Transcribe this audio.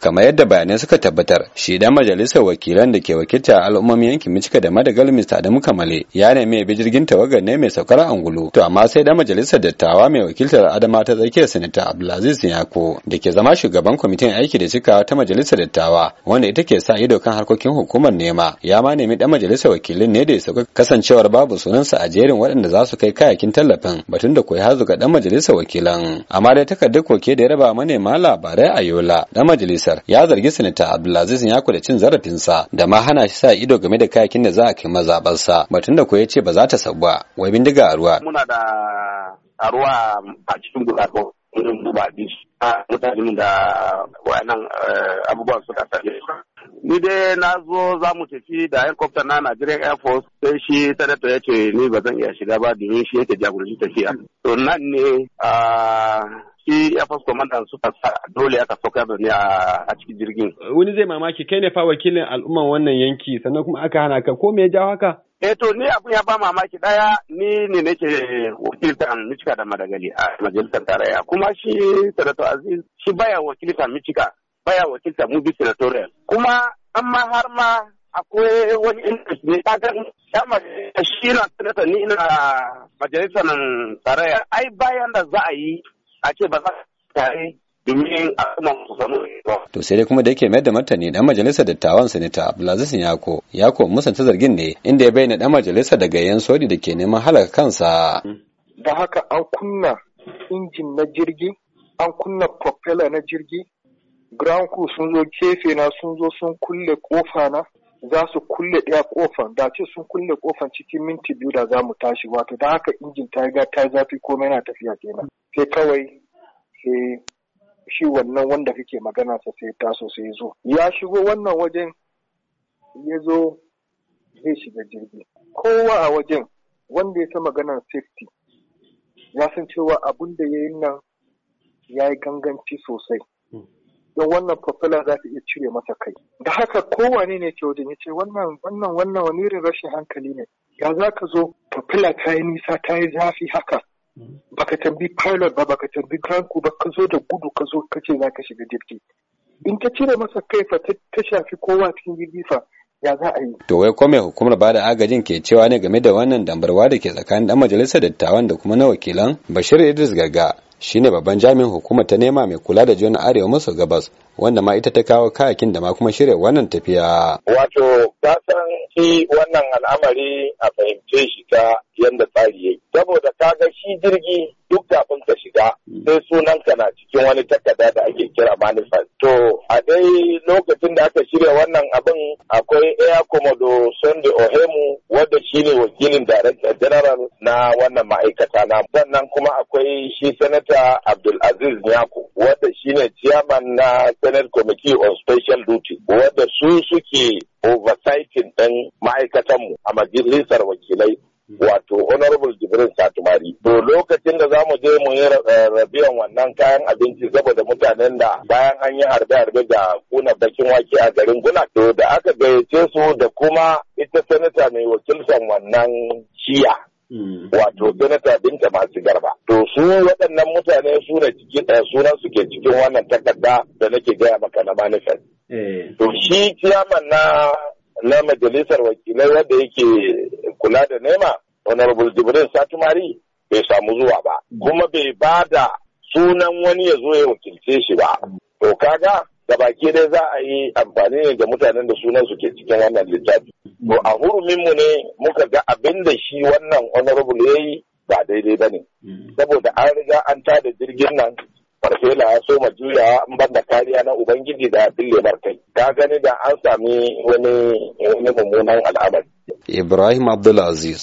kamar yadda bayanai suka tabbatar shi dan majalisar wakilan da ke wakilta al'ummomin yankin Michiga da Madagal Mr. Adamu Kamale ya nemi ya bi jirgin tawagar ne mai saukar angulu to amma sai dan majalisar dattawa mai wakiltar Adama ta tsakiyar Sanata Abdulaziz Yako da ke zama shugaban kwamitin aiki da cika ta majalisar dattawa wanda ita ke sa ido kan harkokin hukumar nema ya ma nemi dan majalisar wakilin ne da ya sauka kasancewar babu sunansa a jerin waɗanda za su kai kayakin tallafin batun da koyi hazuka dan majalisar wakilan amma dai takardar koke da ya raba manema labarai a Yola dan majalisar bukatar ya zargi sanata abdulaziz ya kula cin zarafinsa da ma hana shi sa ido game da kayakin da za a kai mazaɓarsa batun da ko ya ce ba za ta sabuwa wai bindiga a ruwa. muna da taruwa a cikin gudanar irin duba a mutanen da wayannan eh, abubuwan suka same ni dai na zo za mu tafi da helicopter na Nigerian Air Force sai shi da ya ce ni ba zan iya shiga ba domin shi yake jagoranci tafiya. To nan ne ah, shi ya fasu komandan suka sa dole aka sauka da ne a cikin jirgin eh, wani zai mamaki kai ne fa wakilin al'umman wannan yanki sannan kuma aka hana ka ko me ya jawo haka eh to ni abin ya ba mamaki daya ni ne nake wakiltan Michika da Madagali a majalisar tarayya kuma shi Sanato Aziz shi baya wakiltan Michika baya wakiltan Mubi Senatorial kuma amma har ma akwai wani interest ne ta kan shi na sanata ni ina majalisar tarayya ai bayan da za a yi a ba za tare domin a kuma su samu To sai dai kuma da yake mayar da martani dan majalisar dattawan sanita Abdulaziz Yako Yako musanta zargin ne inda ya bayyana dan majalisar daga yan sodi da ke neman halaka kansa. Da haka an kunna injin na jirgi an kunna propeller na jirgi ground crew sun zo kefe na sun zo sun kulle kofa na za su kulle ɗaya kofan da ce sun kulle kofan cikin minti biyu da za mu tashi wato da haka injin ta riga ta zafi komai na tafiya kenan sai kawai sai shi wannan wanda kake magana sa sai taso sai ya zo ya shigo wannan wajen ya zo zai shiga jirgi kowa a wajen wanda ya ta maganar safety ya san cewa abun da ya yi nan ya yi ganganci sosai hmm. don wannan fafila za ta iya cire masa kai da haka kowane ne ke wajen ya ce wannan wannan wannan wani irin rashin hankali ne ya za ka zo fafila ta yi nisa ta yi zafi haka baka tambi pilot ba baka tambi ground crew ba ka zo da gudu ka zo ka ce za ka shiga jirgi in ta cire masa kai fa ta shafi kowa cikin jirgi fa ya za a yi. To wai kome hukumar ba da agajin ke cewa ne game da wannan dambarwa da ke tsakanin dan majalisar dattawan da kuma na wakilan Bashir Idris Gaga shine babban jami'in hukumar ta nema mai kula da juna arewa maso gabas wanda ma ita ta kawo kayakin da ma kuma shirya wannan tafiya. Wato san shi wannan al'amari a fahimce shi ta yadda tsari yayi. Saboda kaga shi jirgi duk kafin ka ba sai sunan ka na cikin wani takarda da ake kira manifest. To a dai lokacin da aka shirya wannan abin akwai Air komodo Sunday Ohemu wadda shine wakilin Director General na wannan ma'aikata na. Sannan kuma akwai shi Senator Abdul Aziz Nyako wadda shine Chairman na Senate Committee on Special Duty wanda su suke oversighting ɗin ma'aikatanmu a majalisar wakilai wato honorable jibrin satumari to lokacin da zamu je mu yi eh, rabiyan wannan kayan abinci saboda mutanen da bayan an yi harbe-harbe da kuna bakin wake a garin guna to da aka gayyace su da kuma ita sanata mai wakiltan wannan shiya hmm. wato sanata binta masu garba to su waɗannan mutane su ne eh, sunan su ke cikin wannan takarda da nake gaya maka na manifest eh. to shi ciyaman na na majalisar wakilai wanda yake kula da nema honorable jibrin satumari bai samu zuwa ba kuma bai ba da sunan wani ya zo ya wakilce shi ba to kaga da baki dai za a yi amfani ne da mutanen da sunan su ke cikin wannan littafi to a huruminmu ne muka ga abin da shi wannan honorable ya yi ba daidai ba ne saboda an riga an tada jirgin nan farfela ya soma juya in ban da kariya na ubangiji da bille kai ka gani da an sami wani mummunan al'amari ibrahim abdulaziz